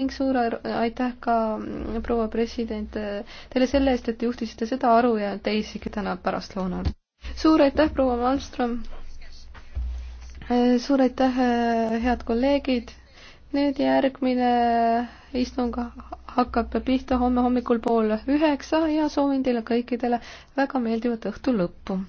ning suur aitäh ka mm, proua president teile selle eest, et te juhtisite seda aru ja teisigi täna pärastlõunal. suur aitäh, proua Malmström. suur aitäh, head kolleegid. nüüd järgmine istung hakkab pihta homme hommikul pool üheksa ja soovin teile kõikidele väga meeldivat õhtu lõppu.